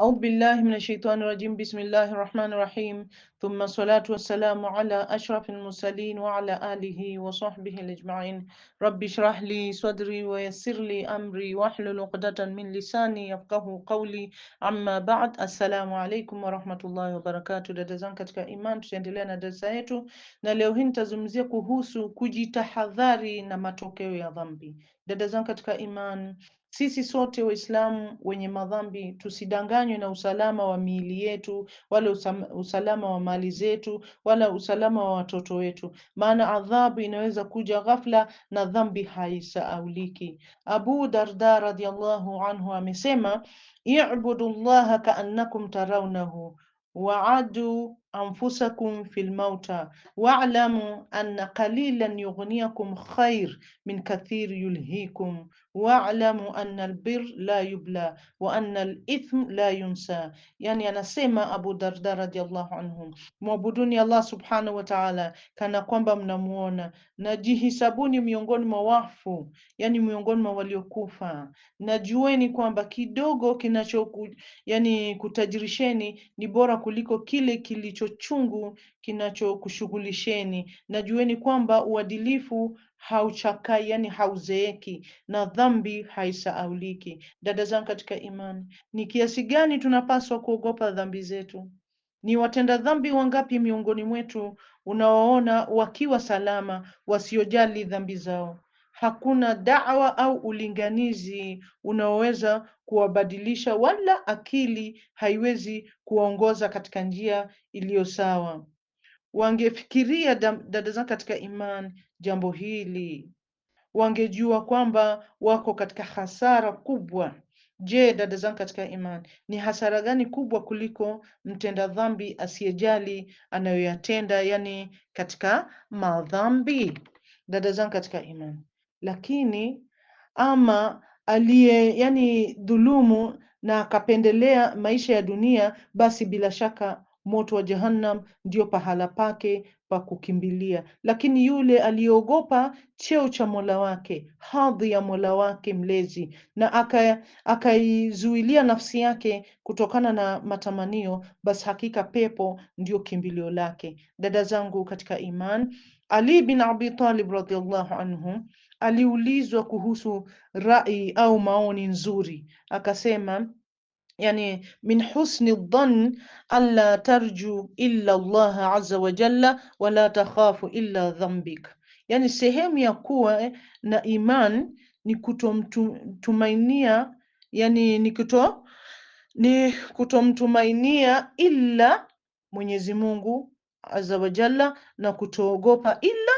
Audhu billahi minashaitani rajim. Bismillahi rahmani rahim. Thumma salatu wassalamu ala ashrafil mursalin wa ala alihi wa sahbihi ajmain. Rabbi shrah li sadri wa yassir li amri wahlul uqdatan min lisani yafqahu qawli. Amma ba'd. Assalamu alaykum wa rahmatullahi wa barakatuh. Dada zangu katika iman, tutaendelea na darasa yetu, na leo hii nitazungumzia kuhusu kujitahadhari na matokeo ya dhambi. Dada zangu katika iman sisi sote Waislamu wenye madhambi tusidanganywe na usalama wa miili yetu wala usalama wa mali zetu wala usalama wa watoto wetu, maana adhabu inaweza kuja ghafla na dhambi haisauliki. Abu Darda radhiallahu anhu amesema, i'budu llaha kaannakum taraunahu waadu anfusakum fil mauta wa'lamu anna qalilan yughniyakum khair min kathir yulhikum wa'lamu anna albir la yubla wa anna alithmu la yunsa. Yani anasema Abu Darda radhiallahu anhu, mwabuduni Allah subhanahu wa ta'ala kana kwamba mnamuona, na jihisabuni miongoni mwa wafu, yani miongoni mwa waliokufa, na jueni kwamba kidogo kinacho yani kutajirisheni ni bora kuliko kile kilicho kilicho chungu kinachokushughulisheni, na jueni kwamba uadilifu hauchakai, yani hauzeeki, na dhambi haisahauliki. Dada zangu katika imani, ni kiasi gani tunapaswa kuogopa dhambi zetu? Ni watenda dhambi wangapi miongoni mwetu unaoona wakiwa salama, wasiojali dhambi zao? Hakuna dawa au ulinganizi unaoweza kuwabadilisha wala akili haiwezi kuwaongoza katika njia iliyo sawa. Wangefikiria dada zangu katika imani jambo hili, wangejua kwamba wako katika hasara kubwa. Je, dada zangu katika imani, ni hasara gani kubwa kuliko mtenda dhambi asiyejali anayoyatenda, yani katika madhambi? Dada zangu katika imani, lakini ama aliye yani dhulumu na akapendelea maisha ya dunia, basi bila shaka moto wa Jahannam ndio pahala pake pa kukimbilia. Lakini yule aliyeogopa cheo cha Mola wake, hadhi ya Mola wake mlezi, na akaizuilia aka nafsi yake kutokana na matamanio, basi hakika pepo ndio kimbilio lake. Dada zangu katika iman, Ali bin Abi Talib radhiallahu anhu aliulizwa kuhusu rai au maoni nzuri, akasema Yani, min husni dhann alla tarju illa Allah azza wa jalla wala takhafu illa dhambik, yani sehemu ya kuwa na iman ni kutomtumainia, yani ni kuto ni kutomtumainia illa Mwenyezi Mungu azza wa jalla na kutoogopa illa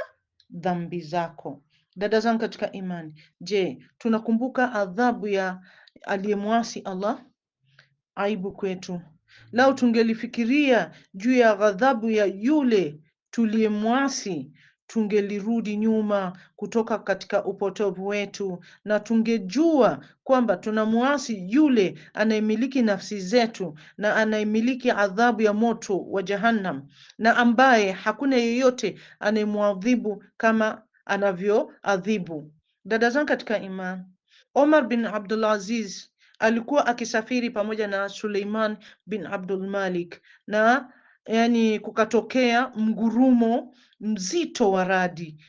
dhambi zako. Dada zangu katika imani, je, tunakumbuka adhabu ya aliyemwasi Allah? Aibu kwetu. Lau tungelifikiria juu ya ghadhabu ya yule tuliyemwasi, tungelirudi nyuma kutoka katika upotovu wetu, na tungejua kwamba tunamwasi yule anayemiliki nafsi zetu na anayemiliki adhabu ya moto wa Jahannam, na ambaye hakuna yeyote anayemwadhibu kama anavyoadhibu. Dada zangu katika iman Omar bin Abdulaziz alikuwa akisafiri pamoja na Suleiman bin Abdul Malik na yani, kukatokea mgurumo mzito wa radi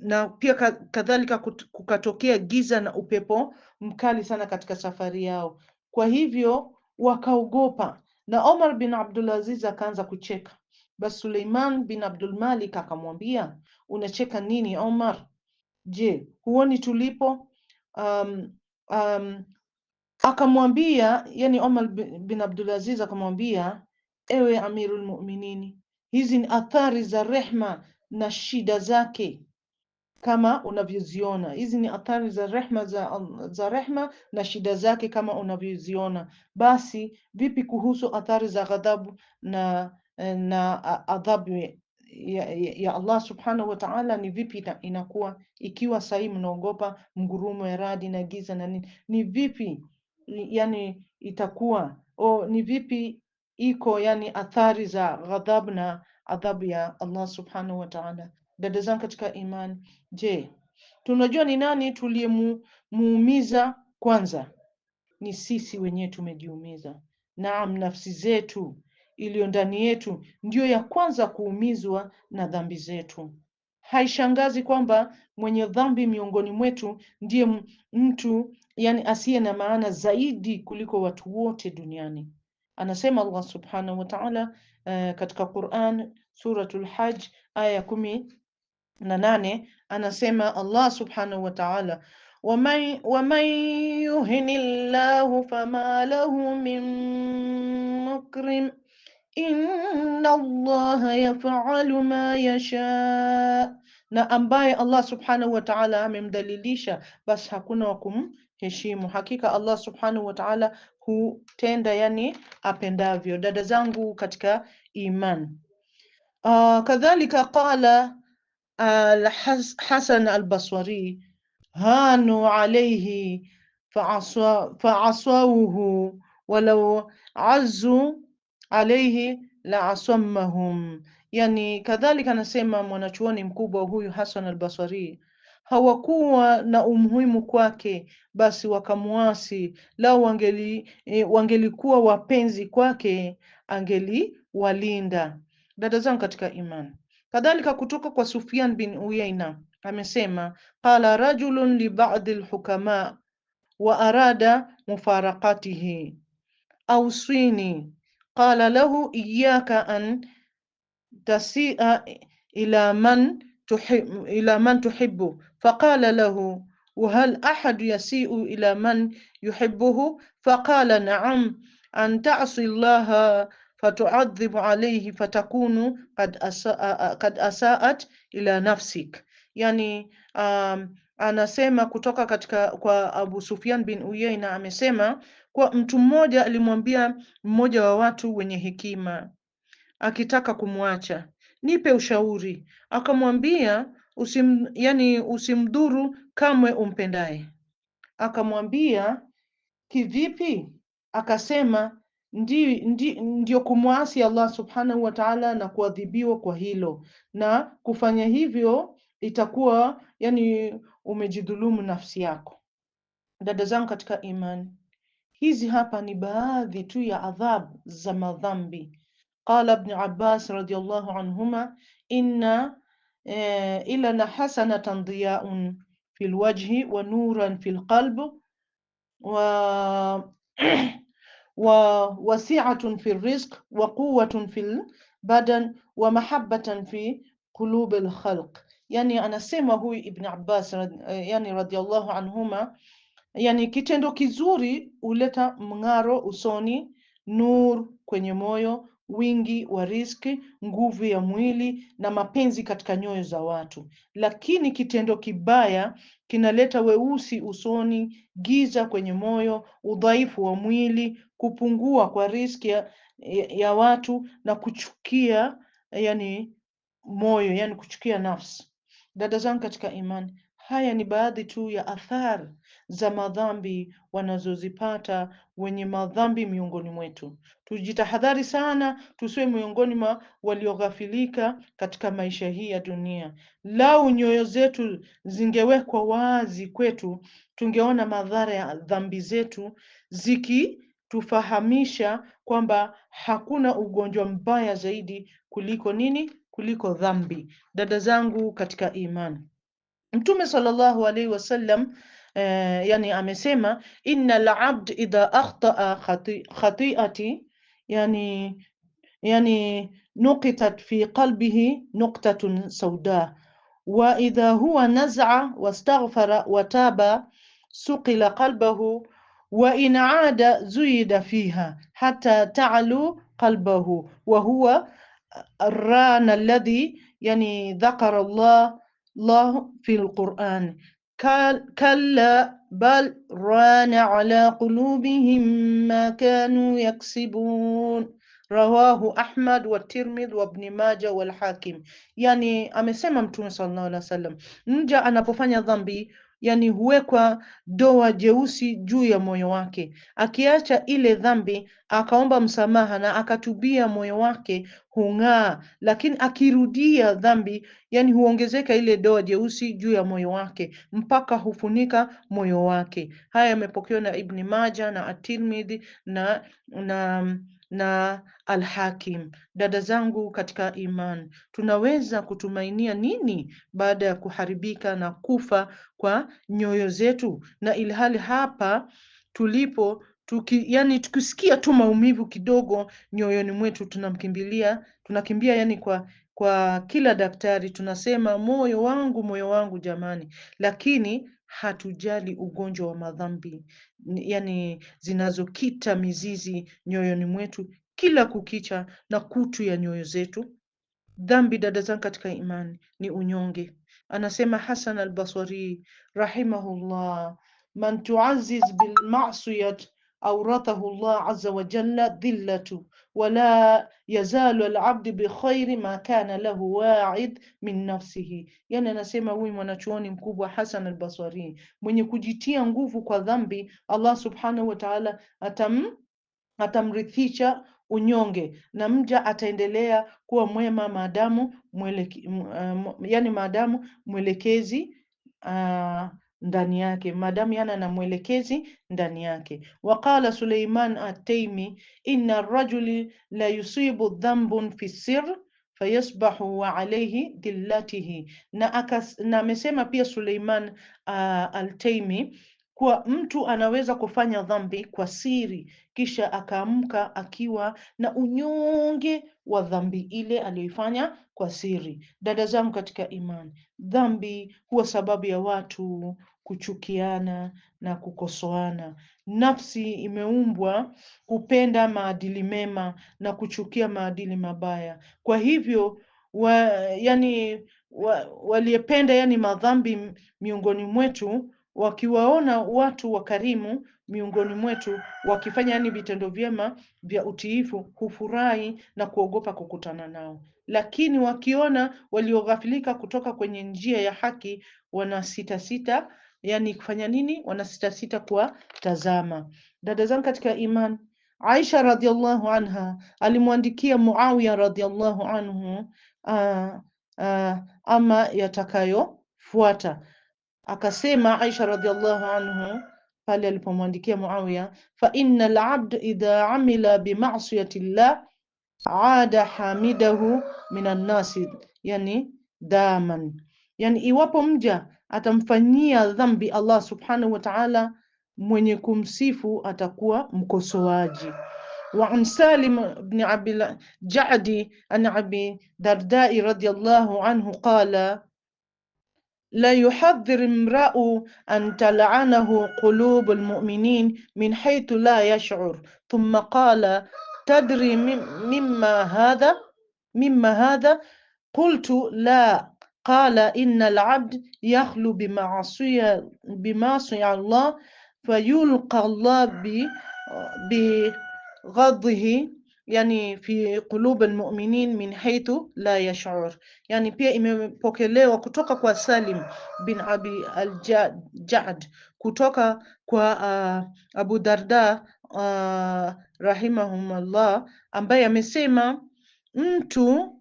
na pia kadhalika kukatokea giza na upepo mkali sana katika safari yao. Kwa hivyo wakaogopa, na Omar bin Abdulaziz akaanza kucheka. Basi Suleiman bin Abdul Malik akamwambia, unacheka nini Omar? Je, huoni tulipo? um, um, akamwambia yani Omar bin Abdulaziz akamwambia, ewe Amirul Mu'minini, hizi ni athari za rehma na shida zake kama unavyoziona. Hizi ni athari za rehma za, za rehma na shida zake kama unavyoziona. Basi vipi kuhusu athari za ghadhabu na na adhabu ya, ya Allah subhanahu wa ta'ala ni vipi inakuwa ikiwa sahii mnaogopa mgurumo ya radi na giza na nini? Ni vipi yani itakuwa o, ni vipi iko yani athari za ghadhabu na adhabu ya Allah subhanahu wa ta'ala. Dada zangu katika imani, je, tunajua ni nani tuliyemuumiza? Kwanza ni sisi wenyewe tumejiumiza. Naam, nafsi zetu iliyo ndani yetu ndiyo ya kwanza kuumizwa na dhambi zetu. Haishangazi kwamba mwenye dhambi miongoni mwetu ndiye mtu yani asiye na maana zaidi kuliko watu wote duniani. Anasema Allah subhanahu wa ta'ala uh, katika Quran suratul Hajj aya ya kumi na nane anasema Allah subhanahu wa ta'ala waman waman llahu fama lahu min mukrim inna allaha yafalu ma yasha, na ambaye Allah subhanahu wa ta'ala amemdhalilisha basi hakuna wa kumheshimu. Hakika Allah subhanahu wa ta'ala hutenda yani apendavyo. Dada zangu katika iman, uh, kadhalika qala Al-Hasan al-Basri hanu alayhi faaswauhu walau azu alaihi la asammahum, yani kadhalika anasema mwanachuoni mkubwa huyu Hasan al-Basri hawakuwa na umuhimu kwake, basi wakamuasi. Lao wangeli e, wangelikuwa wapenzi kwake, angeliwalinda. Dada zangu katika imani, kadhalika kutoka kwa Sufyan bin Uyaina amesema qala rajulun li ba'd al-hukama wa arada mufaraqatihi auswini qala lahu iyyaka an tasia ila man tuhib, ila man tuhibbu faqala lahu wahal ahadu yasiu ila man yuhibbuhu faqala na'am an ta'si llaha fatuadhibu alayhi fatakunu kad asaa, kad asaat ila nafsik. Yani um, anasema kutoka katika kwa Abu Sufyan bin Uyaina amesema kuwa mtu mmoja alimwambia mmoja wa watu wenye hekima akitaka kumwacha, nipe ushauri. Akamwambia usim, yani usimdhuru kamwe umpendaye. Akamwambia kivipi? Akasema ndi, ndi, ndio kumwasi Allah subhanahu wa ta'ala na kuadhibiwa kwa hilo, na kufanya hivyo itakuwa yani umejidhulumu nafsi yako. Dada zangu katika imani Hizi hapa ni baadhi tu ya adhabu za madhambi. Qala Ibn Abbas radiyallahu anhuma inna e, ila na hasanatan diyaun fil wajhi wa nuran fil qalb wa wa wasi'atun fil rizq wa quwwatun fil badan wa mahabbatan fi qulubil khalq. Yani anasema huyu Ibn Abbas yani radhiyallahu anhuma Yani kitendo kizuri huleta mng'aro usoni, nur kwenye moyo, wingi wa riziki, nguvu ya mwili na mapenzi katika nyoyo za watu. Lakini kitendo kibaya kinaleta weusi usoni, giza kwenye moyo, udhaifu wa mwili, kupungua kwa riziki ya, ya, ya watu na kuchukia yani moyo, yani kuchukia nafsi. Dada zangu katika imani, haya ni baadhi tu ya athari za madhambi wanazozipata wenye madhambi miongoni mwetu. Tujitahadhari sana tusiwe miongoni mwa walioghafilika katika maisha hii ya dunia. Lau nyoyo zetu zingewekwa wazi kwetu, tungeona madhara ya dhambi zetu zikitufahamisha kwamba hakuna ugonjwa mbaya zaidi kuliko nini? Kuliko dhambi. Dada zangu katika imani, Mtume sallallahu alaihi wasallam yani amesema inna al-abd idha akhtaa khati'ati yani yani nuqitat fi qalbihi nuqtatun sauda wa idha huwa naz'a wastaghfara wataba suqila qalbahu wa in aada zuyida fiha hatta ta'lu qalbahu wa huwa الران الذي يعني ذكر الله الله في القرآن كلا بل ران على قلوبهم ما كانوا يكسبون رواه أحمد والترمذ وابن ماجة والحاكم يعني أمسيما متون صلى الله عليه وسلم نجا أنا بفاني ذنبي yani huwekwa doa jeusi juu ya moyo wake. Akiacha ile dhambi akaomba msamaha na akatubia, moyo wake hung'aa. Lakini akirudia dhambi, yani huongezeka ile doa jeusi juu ya moyo wake mpaka hufunika moyo wake. Haya yamepokewa na Ibni Maja na At-Tirmidhi na na na alhakim Dada zangu katika iman, tunaweza kutumainia nini baada ya kuharibika na kufa kwa nyoyo zetu, na ilhali hapa tulipo tuki, yani tukisikia tu maumivu kidogo nyoyoni mwetu tunamkimbilia tunakimbia yani kwa kwa kila daktari tunasema moyo wangu, moyo wangu jamani, lakini hatujali ugonjwa wa madhambi, yani zinazokita mizizi nyoyoni mwetu kila kukicha na kutu ya nyoyo zetu. Dhambi, dada zangu katika imani, ni unyonge. Anasema Hasan al-Basri rahimahullah, man tuaziz bilmasiyat aurathahu Allah azza wa jalla dhillatu wala yazalu alabdi bikhairi ma kana lahu waid min nafsihi. Yani anasema huyu mwanachuoni mkubwa Hasan Albasari, mwenye kujitia nguvu kwa dhambi, Allah subhanahu wa ta'ala atam atamrithisha unyonge na mja ataendelea kuwa mwema maadamu mweleke, eh, yani maadamu mwelekezi uh, ndani yake, madamu yana na mwelekezi ndani yake. Waqala Suleiman Ataimi, inna rajuli la yusibu dhambun fi sir fayasbahu wa alayhi dillatihi. Na amesema pia Suleiman uh, ah, Altaimi kuwa mtu anaweza kufanya dhambi kwa siri kisha akaamka akiwa na unyonge wa dhambi ile aliyoifanya kwa siri. Dada zangu katika imani, dhambi huwa sababu ya watu kuchukiana na kukosoana. Nafsi imeumbwa kupenda maadili mema na kuchukia maadili mabaya. Kwa hivyo wa, yani wa, waliyependa yani madhambi miongoni mwetu wakiwaona watu wakarimu miongoni mwetu wakifanya yani vitendo vyema vya utiifu, hufurahi na kuogopa kukutana nao, lakini wakiona walioghafilika kutoka kwenye njia ya haki sita, yani kufanya nini? kwa tazama Dada zangu katika iman, Aisha radhiallahu anha alimwandikia Muawiya radhiallahu anhu aa, ah, aa, ah, ama yatakayofuata Akasema Aisha radhiallahu anhu pale alipomwandikia Muawiya, fa inna abd idha amila bi ma'siyati llah ada hamidahu min annasi yani daman, yani iwapo mja atamfanyia dhambi Allah subhanahu wa ta'ala, mwenye kumsifu atakuwa mkosoaji. Wa an Salim ibn Abi Jadi an Abi Dardai radhiyallahu anhu qala لا يحذر امرأ أن تلعنه قلوب المؤمنين من حيث لا يشعر ثم قال تدري مما هذا مما هذا قلت لا قال إن العبد يخلو بمعصية بمعصية الله فيلقى الله بغضه yani fi qulub almu'minin min haythu la yash'ur, yani pia imepokelewa kutoka kwa Salim bin Abi al-Ja'd kutoka kwa uh, Abu Darda uh, rahimahumullah ambaye amesema mtu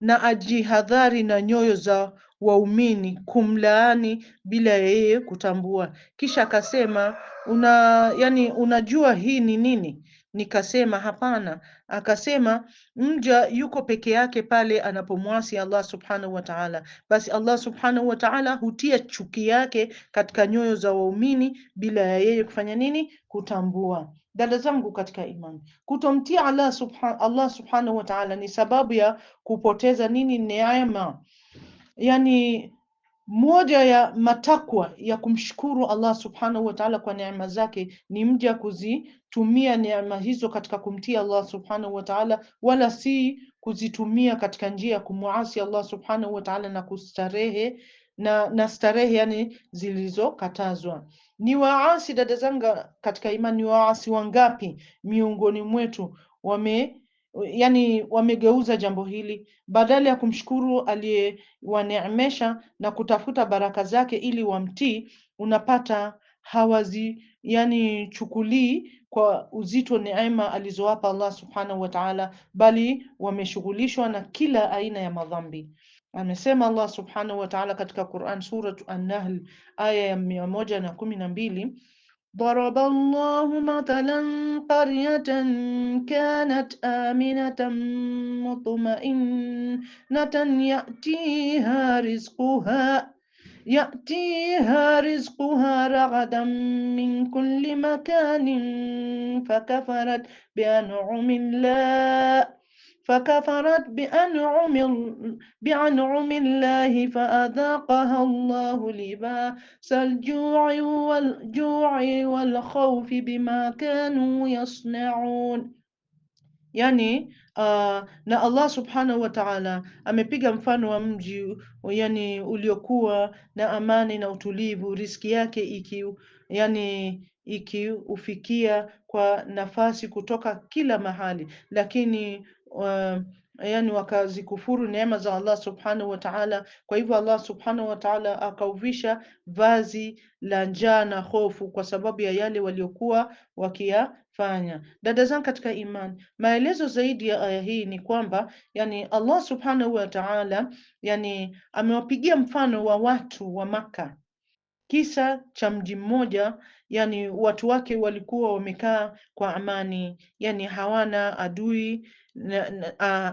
na ajihadhari na nyoyo za waumini kumlaani bila yeye kutambua. Kisha akasema una, yani unajua hii ni nini? Nikasema hapana. Akasema mja yuko peke yake pale anapomwasi Allah subhanahu wa ta'ala, basi Allah subhanahu wa ta'ala hutia chuki yake katika nyoyo za waumini bila ya yeye kufanya nini? Kutambua. Dada zangu katika imani, kutomtia Allah, subhan Allah subhanahu wa ta'ala ni sababu ya kupoteza nini? Neema yani moja ya matakwa ya kumshukuru Allah subhanahu wa ta'ala kwa neema zake ni mja kuzitumia neema hizo katika kumtia Allah subhanahu wa ta'ala, wala si kuzitumia katika njia ya kumuasi Allah subhanahu wa ta'ala na kustarehe na, na starehe yani zilizokatazwa. Ni waasi dada zanga katika imani, ni waasi wangapi miongoni mwetu wame yani wamegeuza jambo hili badala ya kumshukuru aliyewaneemesha na kutafuta baraka zake ili wamtii, unapata hawazi yani chukulii kwa uzito neema alizowapa Allah subhanahu wa ta'ala, bali wameshughulishwa na kila aina ya madhambi. Amesema Allah subhanahu wa ta'ala katika Quran Surat An-Nahl aya ya mia moja na kumi na mbili ضرب الله مثلا قرية كانت آمنة مطمئنة يأتيها رزقها يأتيها رزقها رغدا من كل مكان فكفرت بأنعم الله فكفرت بأنعم, بأنعم الله فأذاقها الله لباس الجوع والجوع والخوف بما كانوا يصنعون يعني نا uh, na Allah subhanahu wa ta'ala amepiga mfano wa mji yani uliokuwa na amani na utulivu, riski yake iki yani ikiufikia kwa nafasi kutoka kila mahali, lakini yani wakazikufuru neema za Allah subhanahu wa ta'ala. Kwa hivyo Allah subhanahu wa ta'ala akauvisha vazi la njaa na hofu kwa sababu ya yale waliokuwa wakiyafanya. Dada zangu katika imani, maelezo zaidi ya aya hii ni kwamba yani Allah subhanahu wa ta'ala yani amewapigia mfano wa watu wa Maka kisa cha mji mmoja, yani watu wake walikuwa wamekaa kwa amani, yani hawana adui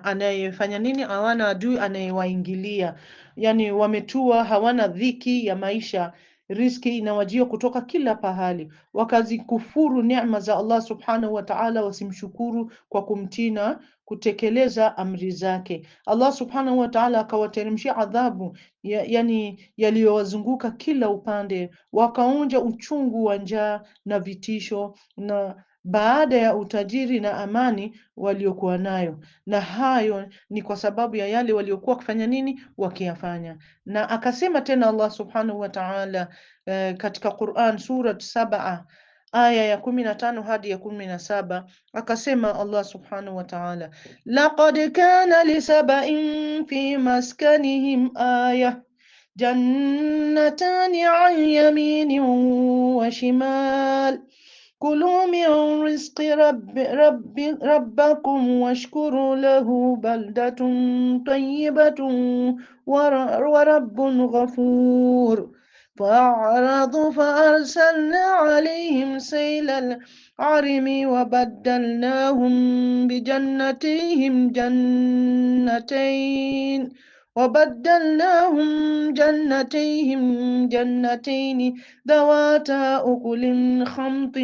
anayefanya nini, hawana adui anayewaingilia, yani wametua, hawana dhiki ya maisha riski inawajia kutoka kila pahali, wakazikufuru neema za Allah subhanahu wa ta'ala, wasimshukuru kwa kumtina kutekeleza amri zake. Allah subhanahu wa ta'ala akawateremshia adhabu ya, yani yaliyowazunguka kila upande, wakaonja uchungu wa njaa na vitisho na baada ya utajiri na amani waliokuwa nayo, na hayo ni kwa sababu ya yale waliokuwa wakifanya nini, wakiyafanya. Na akasema tena Allah subhanahu wa ta'ala eh, katika Qur'an surat Sabaa aya ya kumi na tano hadi ya kumi na saba akasema Allah subhanahu wa ta'ala, laqad kana lisabain fi maskanihim aya jannatani an yaminin wa shimal kulu min rizqi رب رب ربكم واشكروا له بلدة طيبة ورب غفور فأعرضوا فأرسلنا عليهم سيل العرم وبدلناهم بجنتيهم جنتين وبدلناهم جنتيهم جنتين ذواتا أكل خمط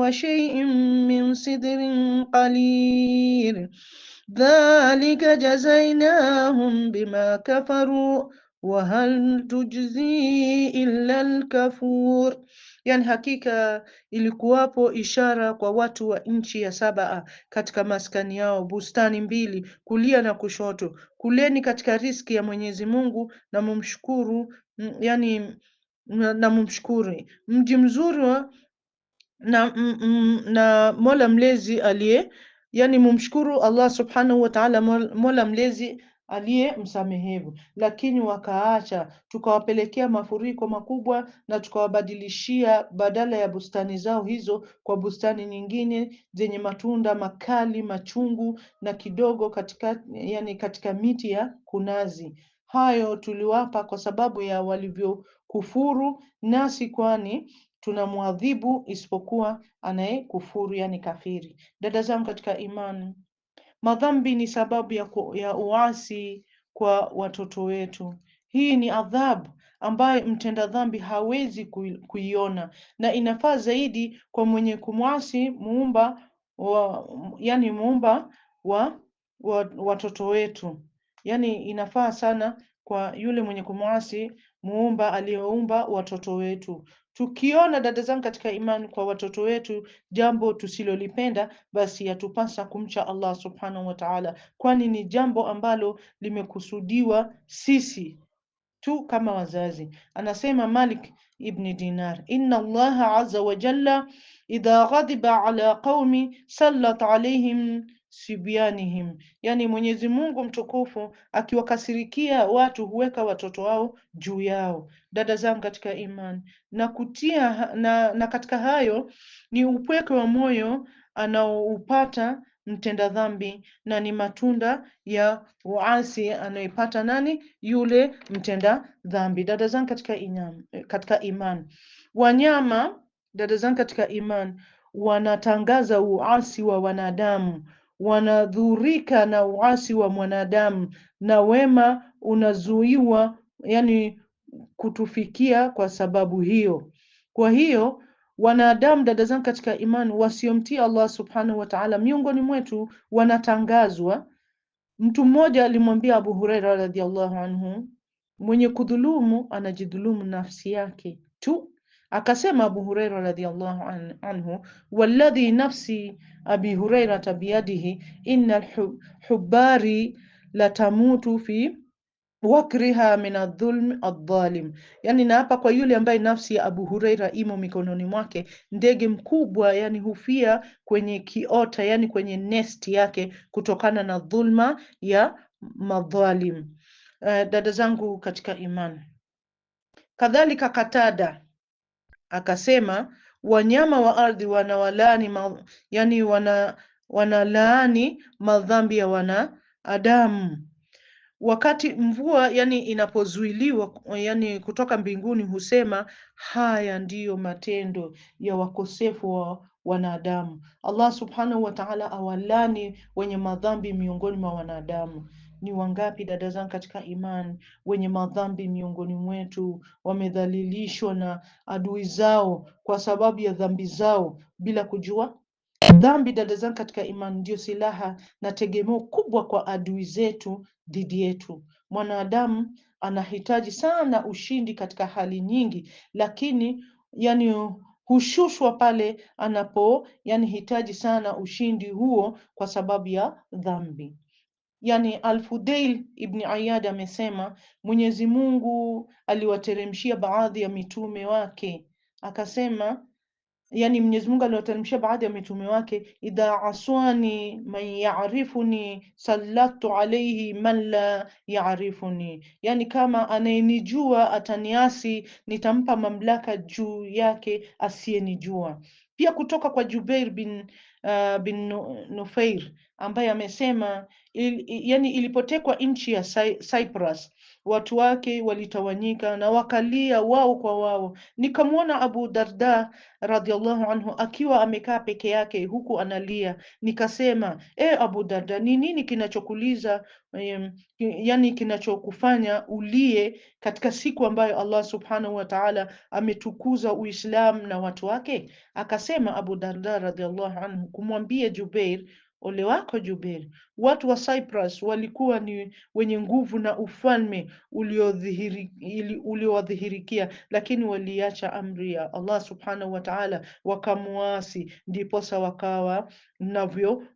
وشيء من سدر قليل ذلك جزيناهم بما كفروا wahal tujzi illa lkafur, yani hakika ilikuwapo ishara kwa watu wa nchi ya Sabaa ah, katika maskani yao bustani mbili, kulia na kushoto. Kuleni katika riski ya Mwenyezi Mungu na mumshukuru, mm, yani mm, na mumshukuri mji mzuri wa na, mm, mm, na Mola mlezi aliye, yani mumshukuru Allah subhanahu wa ta'ala, Mola mlezi aliye msamehevu, lakini wakaacha, tukawapelekea mafuriko makubwa na tukawabadilishia badala ya bustani zao hizo kwa bustani nyingine zenye matunda makali machungu na kidogo katika, yani katika miti ya kunazi. Hayo tuliwapa kwa sababu ya walivyokufuru nasi, kwani tunamwadhibu isipokuwa anayekufuru, yani kafiri. Dada zangu katika imani Madhambi ni sababu ya, ya uasi kwa watoto wetu. Hii ni adhabu ambayo mtenda dhambi hawezi kuiona na inafaa zaidi kwa mwenye kumwasi muumba wa, yani muumba wa watoto wetu, yani inafaa sana kwa yule mwenye kumwasi muumba aliyeumba watoto wetu. Tukiona dada zangu katika imani kwa watoto wetu jambo tusilolipenda, basi yatupasa kumcha Allah subhanahu wa ta'ala, kwani ni jambo ambalo limekusudiwa sisi tu kama wazazi. Anasema Malik ibn Dinar, inna Allaha azza wa jalla idha ghadiba ala qaumi sallat alayhim sibianihim, yani Mwenyezi Mungu mtukufu akiwakasirikia watu huweka watoto wao juu yao. Dada zangu katika imani na kutia na, na katika hayo ni upweke wa moyo anaoupata mtenda dhambi na ni matunda ya uasi anayoipata nani? Yule mtenda dhambi. Dada zangu katika inyam, katika iman, wanyama dada zangu katika iman wanatangaza uasi wa wanadamu wanadhurika na uasi wa mwanadamu na wema unazuiwa, yani kutufikia kwa sababu hiyo. Kwa hiyo wanadamu, dada zangu katika imani, wasiomtii Allah subhanahu wa ta'ala, miongoni mwetu wanatangazwa. Mtu mmoja alimwambia Abu Huraira radhiallahu anhu, mwenye kudhulumu anajidhulumu nafsi yake tu Akasema Abu Huraira radhiallahu anhu, walladhi nafsi abi hurairata biyadihi inna lhubari latamutu fi wakriha min adhulm adhalim, yani naapa kwa yule ambaye nafsi ya Abu Huraira imo mikononi mwake, ndege mkubwa yani hufia kwenye kiota, yani kwenye nesti yake kutokana na dhulma ya madhalim. Uh, eh, dada zangu katika imani, kadhalika Katada Akasema, wanyama wa ardhi wanawalaani ma, yani wana wanalaani madhambi ya wanaadamu Wakati mvua yani inapozuiliwa yani kutoka mbinguni, husema haya ndiyo matendo ya wakosefu wa wanadamu. Allah subhanahu wa ta'ala awalani wenye madhambi miongoni mwa wanadamu. Ni wangapi dada zangu katika imani wenye madhambi miongoni mwetu, wamedhalilishwa na adui zao kwa sababu ya dhambi zao bila kujua? Dhambi, dada zangu katika imani, ndio silaha na tegemeo kubwa kwa adui zetu dhidi yetu. Mwanadamu anahitaji sana ushindi katika hali nyingi, lakini yani hushushwa pale anapo yani hitaji sana ushindi huo kwa sababu ya dhambi yani alfudail ibn Iyad amesema Mwenyezi Mungu aliwateremshia baadhi ya mitume wake akasema yani Mwenyezi Mungu aliwateremshia baadhi ya mitume wake, idha aswani man yaarifuni sallatu alayhi man la yaarifuni, yani kama anayenijua ataniasi, nitampa mamlaka juu yake asiyenijua. Pia kutoka kwa Jubair bin, uh, bin Nufair ambaye amesema il, yani ilipotekwa nchi ya Cyprus watu wake walitawanyika na wakalia wao kwa wao. Nikamwona Abu Darda radhiallahu anhu akiwa amekaa peke yake huku analia. Nikasema, e Abu Darda, ni nini kinachokuliza um, yani kinachokufanya ulie katika siku ambayo Allah subhanahu wa ta'ala ametukuza Uislamu na watu wake? Akasema Abu Darda radhiallahu anhu, kumwambia Jubair Ole wako Juberi! Watu wa Cyprus walikuwa ni wenye nguvu na ufalme uliowadhihirikia, lakini waliacha amri ya Allah subhanahu wa ta'ala, wakamwasi, ndiposa wakawa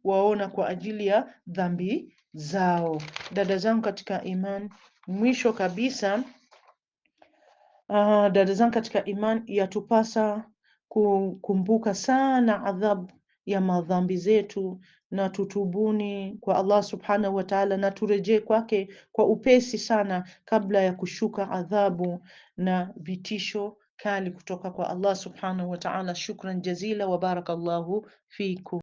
waona kwa ajili ya dhambi zao. Dada zangu katika iman, mwisho kabisa, uh, dada zangu katika iman, yatupasa kukumbuka sana adhabu ya madhambi zetu na tutubuni kwa Allah subhanahu wa ta'ala, na turejee kwake kwa upesi sana, kabla ya kushuka adhabu na vitisho kali kutoka kwa Allah subhanahu wa ta'ala. Shukran jazila wa barakallahu fikum.